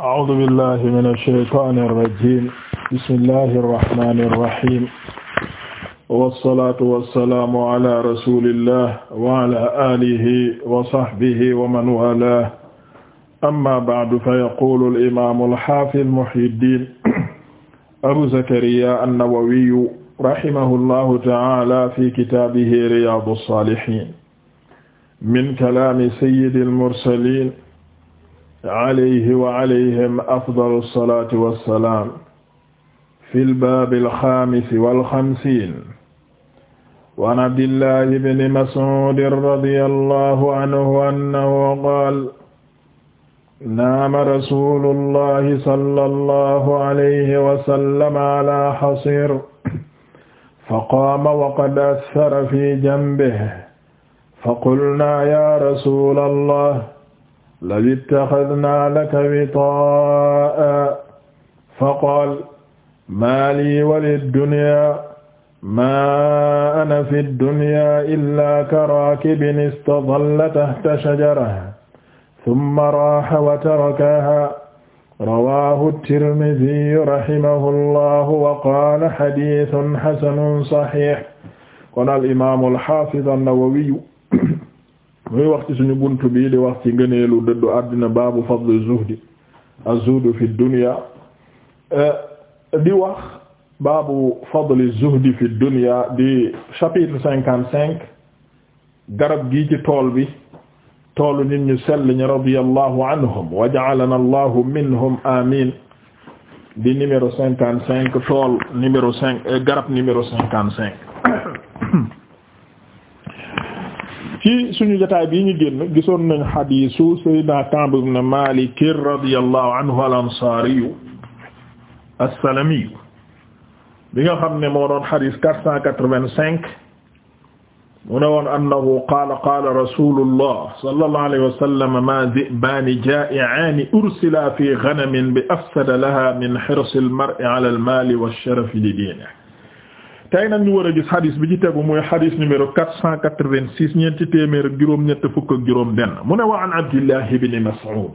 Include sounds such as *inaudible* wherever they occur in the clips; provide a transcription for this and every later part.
أعوذ بالله من الشيطان الرجيم بسم الله الرحمن الرحيم والصلاة والسلام على رسول الله وعلى آله وصحبه ومن والاه أما بعد فيقول الإمام الحافظ محي الدين أبو زكريا النووي رحمه الله تعالى في كتابه رياض الصالحين من كلام سيد المرسلين alayhi wa alayhim afdalu salaati wa salaam fil baabil xaamisi wal xamsiin wa an Abdillahi ibn Mas'uud radiyallahu anhu annahu qaala naama rasuulullahi sallallahu alayhi wa sallam alaa hasiir faqaama wa qad asfara fi janbihi faqulnaa yaa rasuulallah law ittaxadnaa laka witaa'a faqaal maa lii wa lidunyaa maa ana fi dunyaa illaa karaakibin istadalla tahta shajaratin summa raaha wa tarakahaa rawaahu tirmidii rahimahullaahu wa qaala hadiisun hasanun saxiix kon al imaamul haafiz an-nawawiyu muy wax ci suñu bunt bi di wax ci ngëneelu dëddu àddina baabu fadlu zuhdi az-zuhdu fi dunya eh, di wax baabu fadli zuhdi fi dunya di chapitre cinquante cinq garab gi ci tool bi tool nit ñu sell ñi radiyallahu anhum wa ja'alana allahu minhum amin di numéro cinquante cinq tool numéro cinq eh, garab numéro cinquante cinq ci suñu jotaay bii ñu génn gisoon nañ xadiisu sayyidina Ka'b ibn Malik radiyallahu anhu al-Ansari as-Salami bi nga xam ne moo doon xadiis 485 mu ne woon annahu qaala qaala rasulullah sallallahu alayhi wa sallam ma dhi'baani jaa'i'aani ursila fi ghanamin bi afsada laha min hirsi al-mar'i ala al-maali wash-sharafi li diinihi tey nag ñu war a gis xadis bi ci tegu mooy xadis numéro quatre cent quatre-vingt-six ñeenti téeméer ak juróom ñett fukk ak juróom benn mu ne wa an Abdillah ibn Mas'ud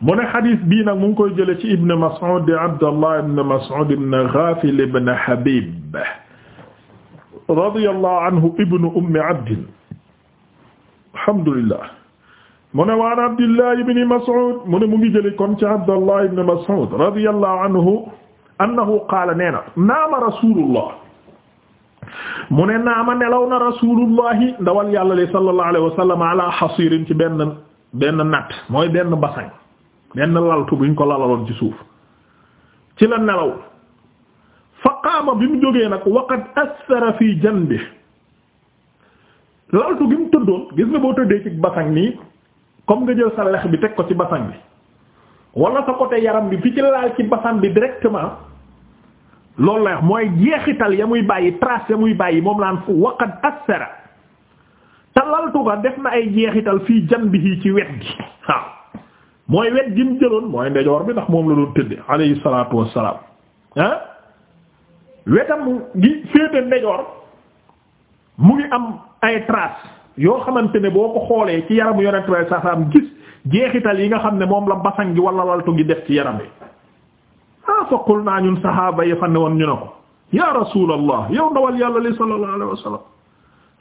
mu ne xadis bii nag mu ngi koy jële ci Ibn Mas'ud di Abdallah ibn Mas'ud ibn Ghafil ibn Habib radiyallahu anhu ibn Ummi Abd alhamdulillah mu ne wa an Abdillah ibn Mas'ud mu ne mu ngi jële kon ci Abdallah ibn Mas'ud radiyallahu annahu qaala nee na naama rasulullah mu ne naama nelaw na rasulullahi ndawal yàlla li sallallahu alayhi wa sallam ci benn benn natt mooy benn basan benn laltu buñ ko lalaloon ci suuf ci la nelaw fa qaama bi mu jógee nag waqad asfara fi janbi laltu gi mu tëddoon gis nga boo tëddee ci basan nii comme nga jël sa lex bi teg ko ci basan bi wala sa côté yaram bi fi ci laal ci basan bi directement loolu la wax mooy jeexital ya muy bàyyi trace ya muy bàyyi moom laan fu waqad assara te laltuga def na ay jeexital fii jan bi janbihi ci wet gi waaw mooy wet gi mu jëloon mooy ndejoor bi ndax moom la doon tëdd alayhi salaatu wassalaam ah wetam gi féete mu ngi am ay trace yoo xamante ne boo ko xoolee ci yaramu yonent bi sallallahu alayhi wasallam gis jeexital yi nga xam ne moom la basang gi wala laltu gi def ci yaram bi ah fa qul naa ñun saxaaba yi fan ne woon ñu ne ko ya rasulallah yow ndawal yàlla li sallallahu alayhi wa sallam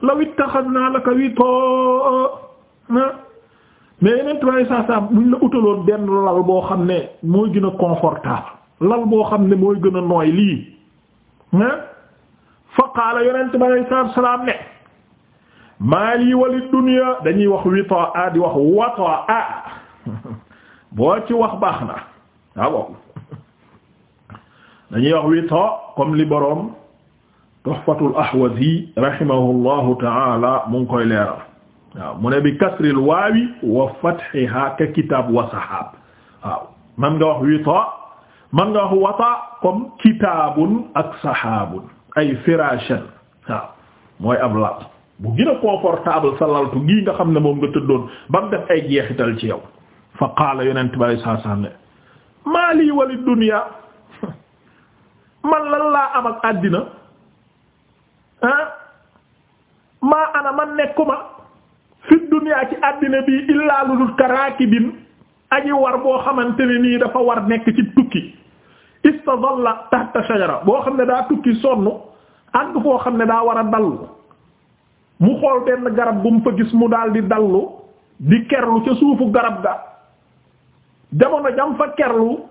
law ittaxadnaa laka witoo mais yeneen tubaab saa buñ la utaloon benn lal boo xam ne mooy gën a confortable lal boo xam ne mooy gën a nooy lii fa qaala yonent bi alayhi salaatu salaam ne maali wali dunya dañuy wax witaa di wax wataa *laughs* boo ci wax baax na ah, waaw dañuy wax witaa comme li boroom tuhfatul ahwazi rahimahullahu taala mu ngi koy leeral waaw mu ne bi kasril waawi wa fathiha ka kitaab wa sahaab waaw man nga wax witaa man nga wax wataa comme kitaabun ak sahaabun ay firaashan waaw mooy ab lal bu gën a confortable sa laltu gii nga xam ne moom nga tëddoon ba mu def ay jeexital ci yow fa qaala yonent bari saa saa ne maa lii wali dunya man lan laa am ak àddina ah maa ana man nekkuma fi dunya ci àddina bi illaa lu dul karaakibin aji war boo xamante ni nii dafa war nekk ci tukki istadalla tahta shajara boo xam ne daa tukki sonn àgg foo xam ne daa war a dal mu xool benn garab bu mu fa gis mu daal di dallu di kerlu ca suufu garab ga jamono jam fa kerlu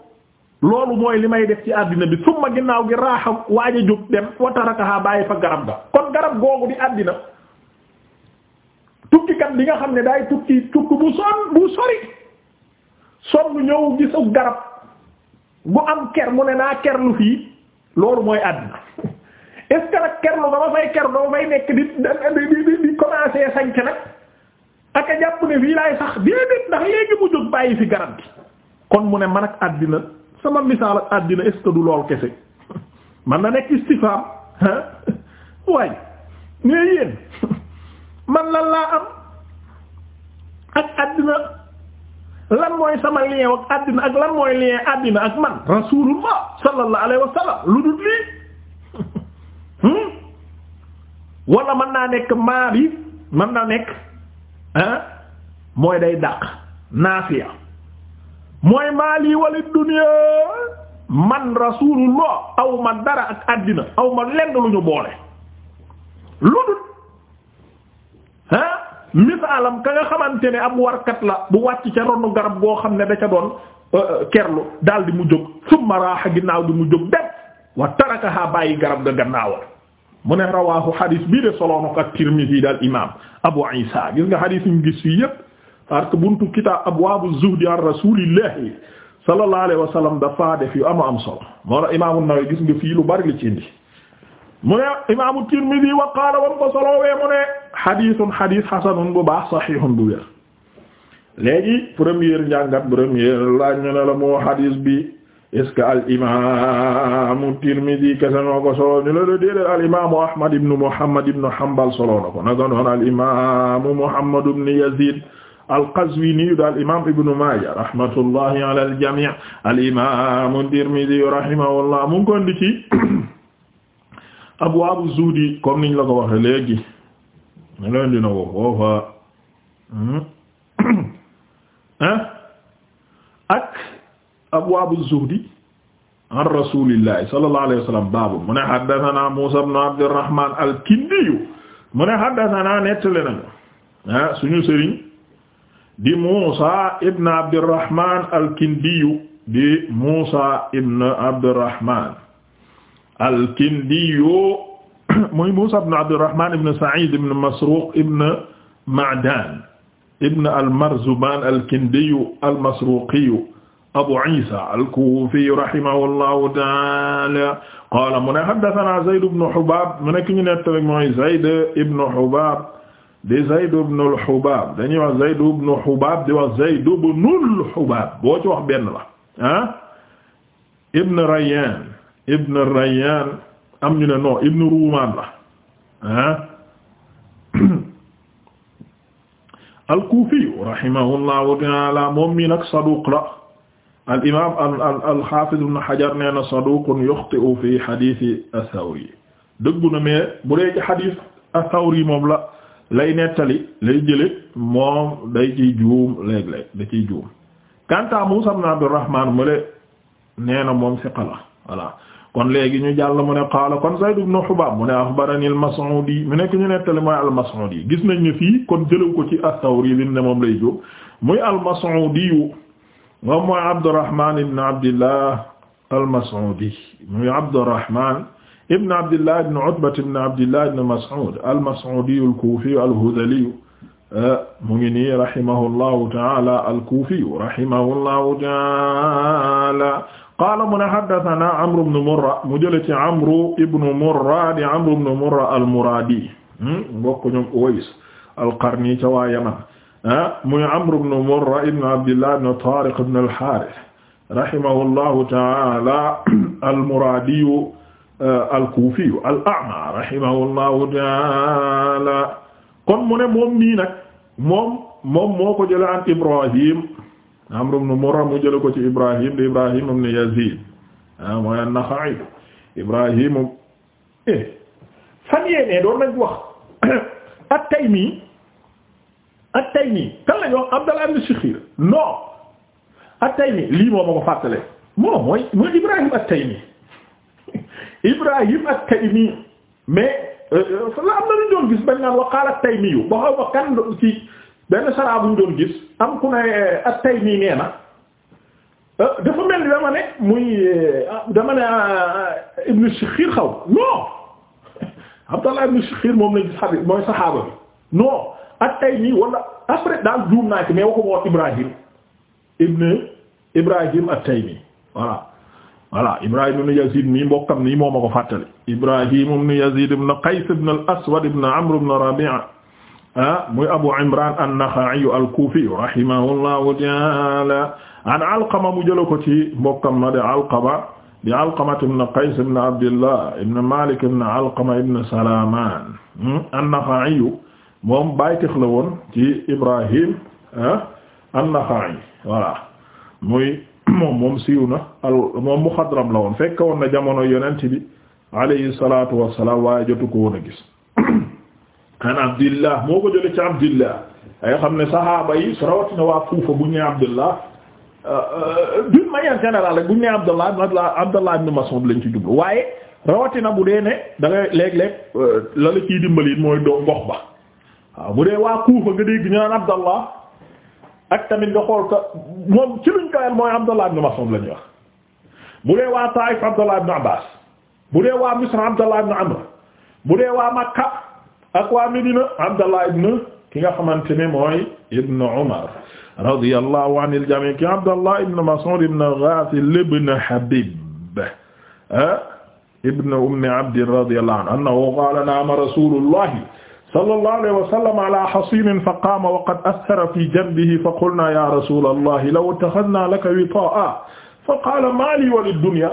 loolu mooy li may def ci àddina bi summa ginnaaw gi raaxa waaj a jóg dem wa tarakaha bàyyi fa garab ga kon garab googu di àddina tukkikat bi nga xam ne daay tukki tukki bu son bu sori sonn ñëw gisu garab bu am ker mu ne naa kerlu fii loolu mooy àddina est-ce que nag kerlu dama fay kerlu dama fay nekk di di di di commencer sanc nag ak a jàpp ne fii laay sax déedéet ndax léegi mu jóg bàyyi fi garab gi kon mu ne man ak àddina sama misaal ak àddina est-ce du lool kese *laughs* man na nekk istifaam ah *laughs* waaye mais yéen *laughs* man lan laa am ak àddina lan mooy sama lien ak àddina ak lan mooy lien àddina ak man rasulullah sallallahu alayhi wa sallam lu dul lii Hmm? wala mën naa nekk maa bi mën naa nekk ah mooy day dàq naafiya mooy lii wali dunya man rasulullah aw ma dara ak àddina awma ma lenn lu ñu boole lu dul ah misaalam ka nga xamante ne ab warkat la bu wàcc ca ronu garab goo xam ne da ca doon euh, euh, kerlu daal di mu jóg summa raaxa ginnaaw di mu jóg dem wa tarakaha bàyyi garab ga gannaawal mu ne rawaahu xadis bii de solo na daal imaam Abu Isa gis nga xadis ñu gis fii yëpp parce que buntu kitaab abwaabu zuhdi an rasuulillahi sallallahu alayhi wa sallam dafa def yu ama am solo moo la gis nga fii lu bari li ci indi. mu ne imaamu Tirmidhi wa qaala wa ko solowee mu ne xadisun xadis xasanun bu baax saxiixun bu wér léegi première njàngat première laaj ne la moo xadis bi. est-ce que al imaamu Tirmidi kese noo ko ni la la déedéet al imaamu Ahmad ibn Muhammad ibn Hanbal solo na ko naka noonu al imaamu Muhammad ibn Yazid al-Qazwini daal imaam Maaja rahmatullahi ala al-jamii al imaamu Tirmidi mu ngi ko ci abwaabu zuhdi comme niñ la ko waxee léegi ñu leen dina ko foofa ah. *coughs* abwaabu zuhdi an rasulillahi sallallahu alayhi wa sallam baabu mu ne haddathana Muusaa ibn Abdirrahmaan al-Kindiyu mu ne haddathana nettali nañu ah suñu sëriñ di Muusaa ibn Abdirrahmaan al-Kindiyu di Muusaa ibn Abdirrahmaan al-Kindiyu *coughs* muy Muusaa ibn Abdirrahmaan ibn Sa'iid ibn Masruuq ibn Ma'daan ibn al-Marzubaan al-Kindiyu al-Masruuqiyu abu isa al-kufi rahimahullahu taala qaala mu ne haddathana zayd ibn hubab mu nekk ñu nett rek mooy zayd ibn hubab di zayd ibn al-hubab dañuy wax zayd ibn hubab di wax zayd ibn al-hubab boo ci wax benn la ah ibn rayyan ibn rayyan am ñu ne non ibn rumaan la ah *clears throat* al-kufi rahimahullahu taala moom mi nag saduq la al imaam al al al xaafiz ibn Hajar nee na saduqun yuxti'u fi xadiisi as-Sawri dëggu na mais bu dee ci xadiis as-Sawri moom la lay nettali lay jële moom day ciy juum léeg-léeg da ciy juum kanta Muusaa ibn Abdurrahmaan mu le nee na moom siqa la voilà kon léegi ñu jàll mu ne qaala kon Zayd ibn Hubaab mu ne axbarani al-Mas'uudi mu nekk ñu nettali mooy al-Mas'uudi gis nañ ne fii kon jëlaw ko ci as-Sawri bi ne moom lay juum muy al-Mas'uudi moom mooy Abdurrahman ibn Abdillah al-Mas'udi muy Abdurrahman ibn Abdillah ibn Utba ibn Abdillah ibn Mas'ud al-Mas'udi al-Kufi al-Hudhali eh, mu ngi nii rahimahullahu ta'ala al-Kufi rahimahullahu ta'ala qaala mu ne haddathana Amr ibn Murra mu jële ci Amr ibn Murra di Amr ibn Murra al-Muradi mbokk hmm, ñoom Uways al-Qarni ca waa Yaman Ah muy Amr ibn Murra ibn Abdillah ibn Tariq ibn al-Harith rahimahullahu ta'ala al-Muradiyu eh, al-Kufiyu al-A'ma rahimahullahu ta'ala kon mu ne moom mii nag moom moom moo ko jëlee an Ibrahim Amr ibn Murra mu jëlee ko ci Ibrahim di Ibrahim ibn Yazid ah mooy an-Nakha'i Ibrahim eh fan yéenee doon nañ wax *coughs* at-Taymi at-Taymi kan la ñu wax Abdallah ibn at-Taymi lii moom ma ko fàttale moom mooy mooy Ibrahim at-Taymi *laughs* Ibrahim at-Taymi mais euh, euh, la am na lu ñu doon gis bañ naan wa at-Taymi yu ba xaw ma kan ci benn saraa doon gis am ku ne euh, at-Taymi nee dafa mel ni dama ne muy ah, dama ne ibn Shikhir xaw non *laughs* Abdallah ibn Shikhir moom lañ saxaaba bi non ak tay nii wala après daal juum naa ci mais waxuma woon Ibrahim ibn Ibrahim ak tay nii voilà voilà Ibrahim ibn Yazid mii mbokkam nii moo ma ko fàttali Ibrahim ibn Yazid ibn Qays ibn al-Aswad ibn Amr ibn Rabi'a ah muy Abu Imran an-Nakha'i al-Kufi rahimahullahu ta'ala an Alqama mu jëla ko ci mbokkam na de Alqama di Alqama ibn Qays ibn Abdillah ibn Malik ibn Alqama ibn Salaman hmm, an-Nakha'i moom bàytix la woon ci Ibrahim ah, an-Naxa'i voilà muy *clears throat* moom moom siiw na al moom muxadram la woon fekk woon na jamono yonent bi alayhi salaatu wassalaam waaye jotu ko woon a gis *clears throat* an Abdillah moo ko jële ci Abdillah ay xam ne sahaaba yi su rawatina waa Kuufa bu ñu nee Abdillah euh, euh, d'une manière générale rek bu ñu nee Abdallah Abdallah ibn lañ ci jublu waaye rawatina bu dee ne da ngay léeg-léeg euh, la la mooy doo ngox ba waaw bu dee waa Kuufa nga dégg ñu naan Abdallah ak tamit nga xool ko moom ci luñ koyal mooy Abdallah ibn Mas'ud la ñuy wax bu dee waa Taif Abdallah ibn Abbas bu dee waa Misr Abdallah ibn Amr bu dee waa Makka ak waa Medina Abdallah ibn ki nga xamante ne mooy ibn Umar radiyallahu anil jami' ki Abdallah ibn Mas'ud ibn Ghafil ibn Habib ah, ibn Ummi Abd radiyallahu anhu annahu qala naama Rasulullahi sallallahu alayhi wa sallam ala hasimin fa qaama wa qad asthara fi janbihi fa qulna ya rasula allahi law ittakhadna laka witaa'a fa qaala ma li wa lid-dunya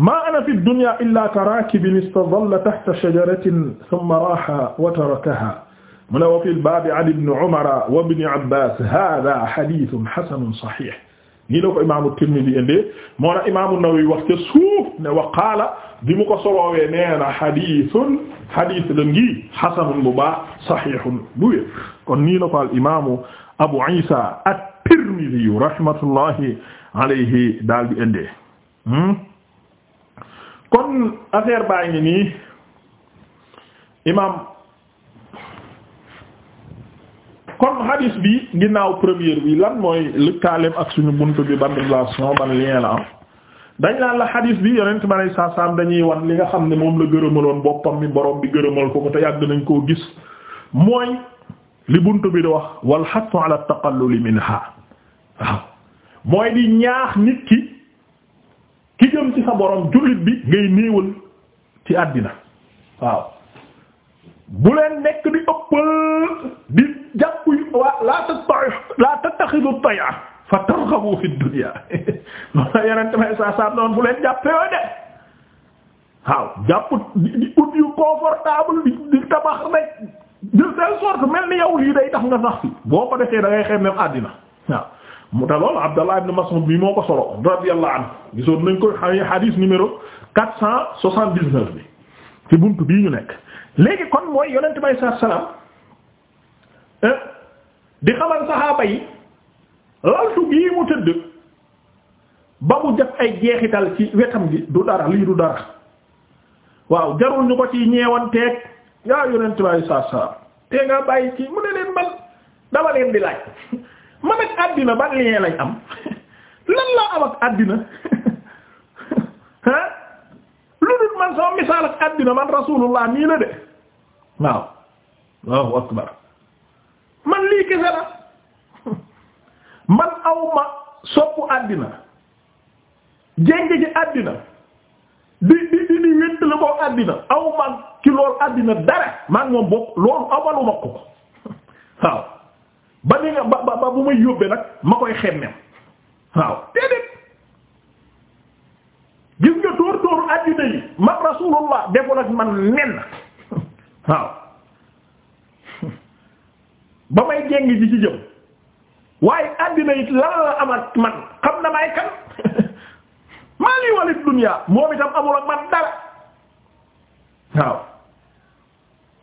ma ana fi dunya illa karaakibin istadalla tahta shajaratin thumma raaha wa tarakaha mu ne wa fil baabi an ibni umara wa ibni abbaas haadha hadiithun hasanun sahiih nii la ko imaamu Tirmidhi indee moo na imaamu Nawawi wax ca suuf ne wa qaala mu ko soloowee nee na xadiisun xadiis la ngi xasanun bu baax saxiixun bu kon nii la ko al Abu Isa at-Tirmidhi rahmatullahi alayhi daal di indee hmm? kon affaire baa ngi nii imaam kon hadis bi ginnaaw première bi lan mooy lëkkaaleem ak suñu bunt bi ban relation ban lien la am dañ naan la bi yonent ma lay saasaam dañuy wan li nga xam ne moom la gërëmaloon boppam mi borom bi gërëmal ko ko te yàgg nañ koo gis mooy li bunt bi di wax wal hattu ala taqallul minha waaw mooy di ñaax nit ki ki jëm ci sa borom jullit bi ngay néewal ci àddina waaw bu leen nekk di ëppal di jàpp yu waa laa tattaxi laa tattaxidu taya fa tarxabu fi dunya noonu *laughs* la yeneen tamit saa saa noonu bu leen jàppee yooyu de waaw jàpp di ut yu confortable di di tabax rek de telle sorte mel ni yow lii day tax nga sax fi boo ko defee da ngay xeeb même àddina waaw. mu te loolu Abdallah ibn Mas'ud bi moo ko solo radiyallahu anhu gisoon nañ ko xadiis numéro quatre cent soixante-dix-neuf bi. ci bunt bii ñu nekk léegi kon mooy yonent bay saa salaam euh, di xamal saxaaba yi laltu bii mu tëdd ba mu def ay jeexital ci wetam gi du dara lii du dara waaw jarul ñu ko ci ñeewanteeg yaa yonent bay saa salaam te nga bàyyi ci mu ne leen man dama leen di laaj *laughs* man ak àddina ban lien lañ am *laughs* lan laa am ak àddina ah *laughs* lu dul man sama misaal ak àddina man rasulullah nii la de waaw Allahu akbar man lii kese la *laughs* man awma soppu àddina jéng ji àddina di di di di wént àddina awma ci loolu àddina dara maa ngi moom bokk loolu awaluma ko *laughs* waaw ba ni nga ba ba bu may yóbbee nag ma koy xemmem waaw déedéet àddina yi man rasulullah deful ak man nen waaw ba may jeng ji ci jëm waaye àddina yi lan la am ak man xam na may kan *laughs* maa ngi walit dunya moom itam amul ak man dara waaw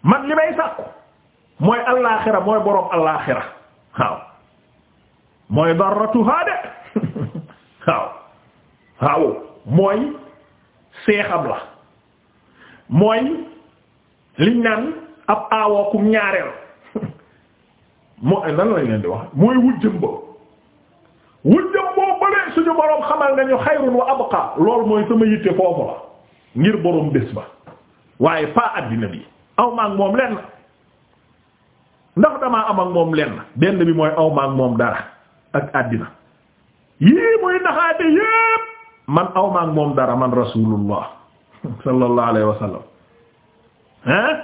man li may sàkku mooy allaaxira mooy boroom allaaxira waaw mooy darratuha de *laughs* waaw waaw mooy seexam la mooy liñ naan ab aawookum ñaareel *laughs* moo lan eh, lañ leen di wax mooy wujjëm ba wujjëm boo bële suñu boroom xamal nañu xayrun wa abqa loolu mooy sama yitte foofu la ngir boroom bés ba waaye pas àddina bi aw maag moom lenn ndax damaa am ak moom lenn benn bi mooy aw moom dara ak àddina yii muy naxaate yépp man aw ma ak moom dara man rasulullah *laughs* sallallahu alayhi wa sallam hein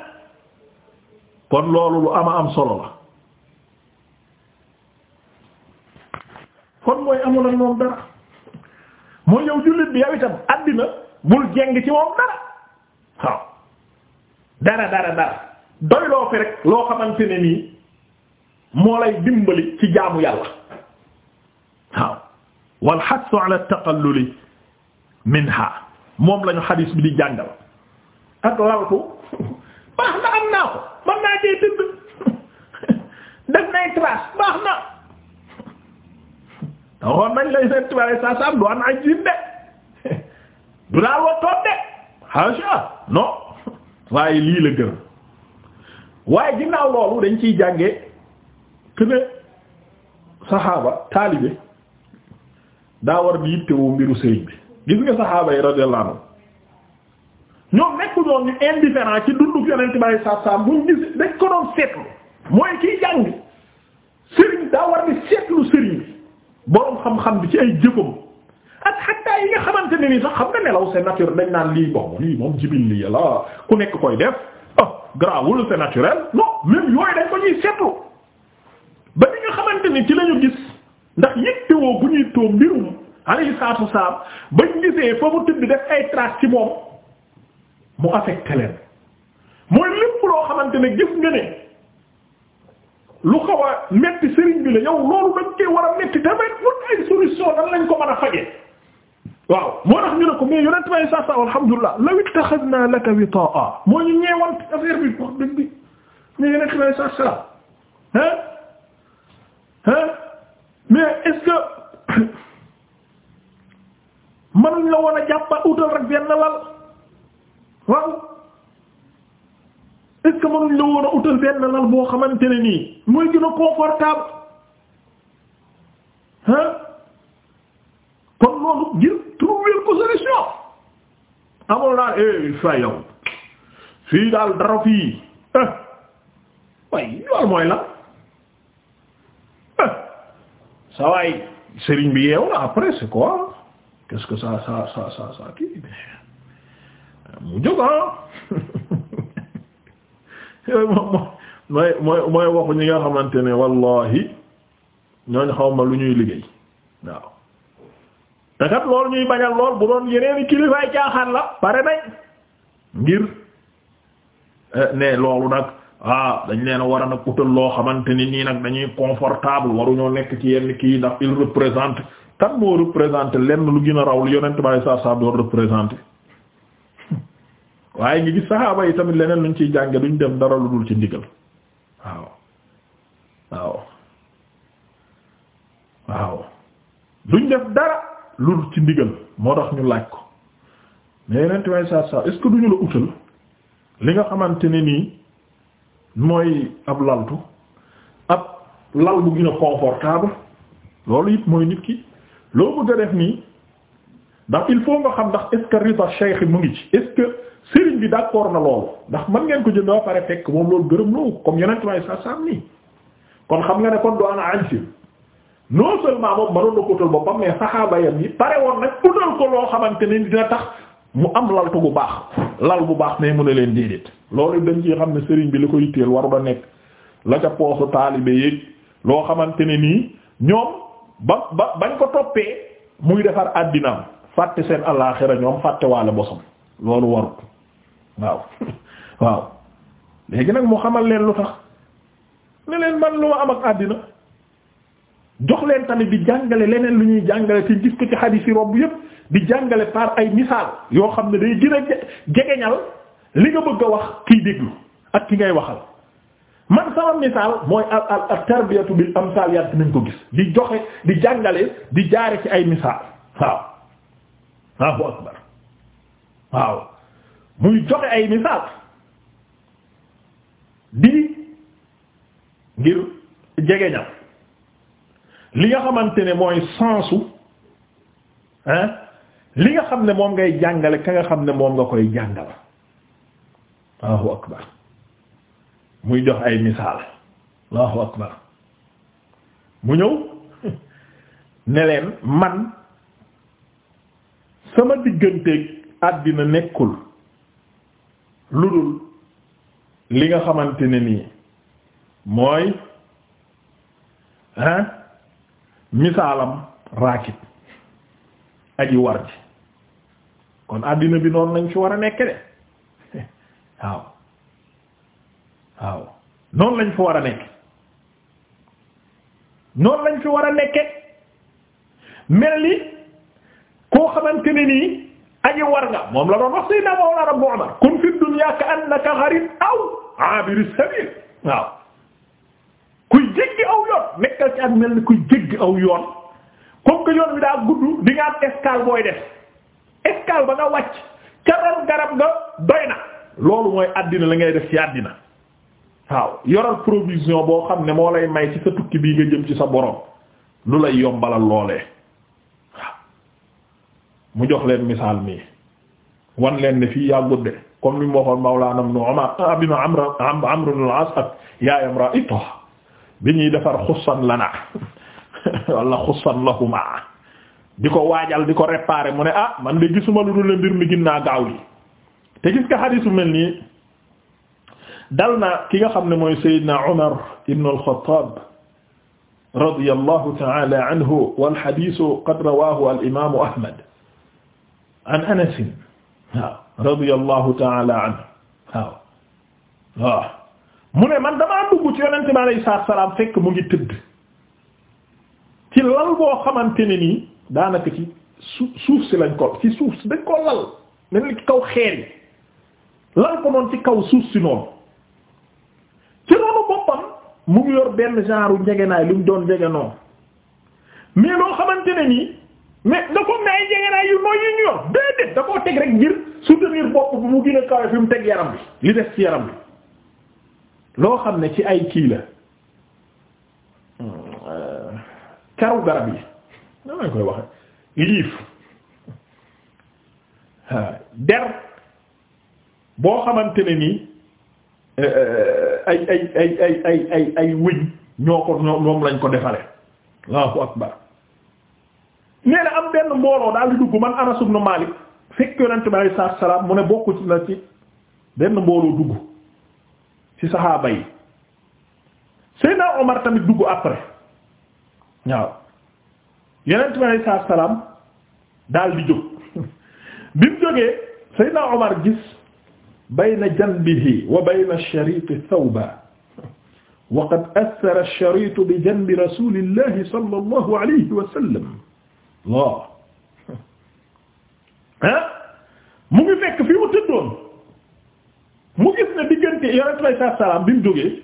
kon loolu lu ama am solo la kon mooy amul ak moom dara mooy yow jullit bi yow itam àddina bul jeng ci moom dara waaw dara dara dara doy loo fi rek loo xamante ne nii moo lay dimbali ci jaamu yàlla waaw wal hasu ala taqalluli minha moom lañu xadis bi di jàngal ak laltu baax na am naa ko man naa dee tëdd def nay trace baax na taxoon nañ lay seen tibare saa saa du am ay jiit de du daal wattoon de hasha non waaye lii la gën waaye ginnaaw loolu dañ ciy jànge këne saxaaba taalibe daa war di yittewoo mbiru sëriñ bi gis nga saxaaba yi radiyallahu anhu ñoom nekku ñu indifférent ci dundu yonent bari saab saab buñ gis dañ ko doon seetlu mooy kiy jàng sëriñ daa war di seetlu sëriñ bi boroom xam-xam bi ci ay jëfam ak xattaa yi nga xamante ne nii sax xam nga nelaw c'est naturel dañ naan lii bon moom jibil lii la ku nekk koy def ah grawul c'est naturel non même yooyu dañ ko ñuy seetlu ba ni nga xamante ni ci lañu gis ndax yëttewoo bu ñuy tóo mbirum alayhi salaatu wasalaam bañ gisee fa mu tëdd def ay traces ci moom mu affecté leen mooy lépp loo xamante ne gis nga ne lu xaw a metti sëriñ bi la yow loolu dañ koy war a metti tamit wut ay solution nan lañ ko mën a fajee waaw moo tax ñu ne ko mais yonent may saa saa alhamdulilah law ittaxadna laka witaa moo ñu ñeewal affaire bi wax dëgg mais yonent mënuñ la woon a jàppal utal rek benn lal waaw est ce la woon a utal benn lal boo xamante ne nii mooy gën a confortable ah kon loolu ngir trouver ko solution amul naa eh daal dara fii ah eh. waaye mooy la ah eh. saa sëriñ bi yeewu na après c'est qu'est-ce que ça ça ça ça ça kii mu jóg ah mooy mooy mooy waxu ñi nga xamante ne wallahi ñooñ xawma lu ñuy liggéey waaw te kat loolu ñuy bañal lool bu doon yeneen kilifaay caaxaan la pare nañ ngir eh, ne loolu nag ah dañ neen war a nag utal loo xamante ni ñii nag dañuy confortable waruñoo nekk ci yenn kii ndax il représente kan moo représenté lenn lu gën a raw lu yonent bi saa saa doon représenté waaye ngi gis saxaaba yi tamit leneen luñ ciy jànge duñ def dara lu dul ci ndigal waaw waaw waaw duñ def dara lu dul ci ndigal moo tax ñu laaj ko mais yonent bi saa saa est-ce que la utal li nga xamante ni nii mooy ab laltu ab lal bu gën a confortable loolu it mooy nit ki. loo bëgg a def nii ndax il faut nga xam ndax est ce que rida mu ngi ci est ce que sëriñ bi d'accord na loolu ndax mën ngeen ko jënd ba pare fekk moom loolu gërëm loo comme yonent way sa sam nii kon xam nga ne kon doon a añ non seulement moom mënoon na ko utal boppam mais saxaaba yam yi pare woon nag utal ko loo xamante ni dina tax mu am laltu bu baax lal bu baax mais mu ne leen déedéet loolu dañ ci xam ne sëriñ bi li ko yitteel waru da nekk la ca poosu taalibe loo xamante ne nii ñoom ba ba bañ ko toppee muy defar àddinaam fàtte seen alaaxira ñoom fàtte waale bosam loolu warut waaw *laughs* waaw léegi nag mu xamal leen lu tax ne man lu ma am ak àddina jox leen tamit di jàngale leneen lu ñuy jàngale te gis ko ci xadiis yi robb yépp di jàngale par ay misaal yoo xam ne day gën a jegeñal li nga bëgg a wax kiy déglu ak ki ngay waxal man sama misaal mooy al al al tarbiyatu bil amsal yàgg nañ ko gis di joxe di jàngale di jaare ci ay misaal waaw Allahu akbar waaw muy joxe ay misaal di ngir jegeñam li nga xamante ne mooy sensu hein li nga xam ne moom ngay jàngale ka nga xam ne moom nga koy jàngal Allahu akbar muy jox ay misaal allahu akbar mu ñëw ne man sama digganteeg àddina nekkul lu dul li nga xamante ne nii mooy hein misaalam raakib aji war ji kon àddina bi noonu lañ ci war a nekk de *laughs* waaw waaw noonu lañ fi war a nekk noonu lañ fi war a nekke mel ni koo xamante ni nii aji war nga moom la doon wax Seydina Mawlana Abu Umar kun fi dunya ka annaka gharib aw abir sabil waaw kuy jéggi aw yoon nekkal ci ak mel ni kuy jéggi aw yoon comme que yoon wi daa gudd di nga am booy def escale ba nga wàcc ca ron garab nga doy na loolu mooy àddina la ngay def ci àddina waaw yoral provision boo xam ne moo lay may ci sa tukki bii nga jëm ci sa borom lu lay yombalal loolee waaw mu jox leen misaal mii wan leen ne fii yàggut de comme li mu waxoon Mawlaana Ibn Umar abina ah, Amr Amr ibn al-As ak yaayam Ra'ita bi ñuy defar xussan lana *laughs* wala xussan lahuma di ko waajal di ko réparer mu ne ah man de gisuma lu dul ne mbir mi ginnaa gaaw li te gis nga xadiis mel nii dal na ki nga xam ne mooy Seydina Umar ibn al-Khattab radiyallahu ta'ala anhu wal hadith qad rawahu al imam Ahmad an Anas waaw radiyallahu ta'ala anhu waaw mu ne man damaa dugg ci yonente bi alayhi salaatu fekk mu ngi tëdd lal boo xamante ne nii daanaka ci su suuf si ko ci suuf si lal mel ni ci kaw lal ko noonu ci kaw suuf si mu ngi yor benn genre njegenaay lu mu doon njegenoo mais loo xamante ne nii mais da ko may njegenaay yu nooy yu ñu yor déedéet da teg rek ngir soutenir bopp bu mu gën a fi mu teg yaram bi li def ci yaram bi loo xam ne ci ay kii la hmm, euh, caru garab yi nan lañ koy wax liif der boo xamante ne nii ay ay ay ay ay ñoo ko ñoom lañ ko defale allahu akbar nee am benn mbooloo daal di dugg man Anas ibn Malik fekk yonent bi alayhi salaatu salaam mu ne bokku na ci benn mbooloo dugg ci saxaaba yi Seydina Omar tamit dugg après waaw yonent bi alayhi salaatu salaam daal di jóg *laughs* bi mu jógee Seydina Omar gis bayna janbihi wa bayna shariiti thawba wa qad athara shariitu bi janbi rasulillahi sallallahu alayhi wa sallam waaw ah mu ngi fekk fi mu tëddoon mu gis ne diggante yonent bi saa salaam bi mu jógee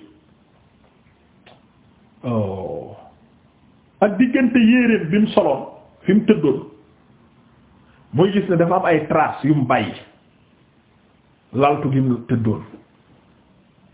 oh ak diggante yéeréen bi mu soloon fi mu tëddoon muy gis ne dafa am ay traces yu mu bàyyi. laltu gi mu tëddoon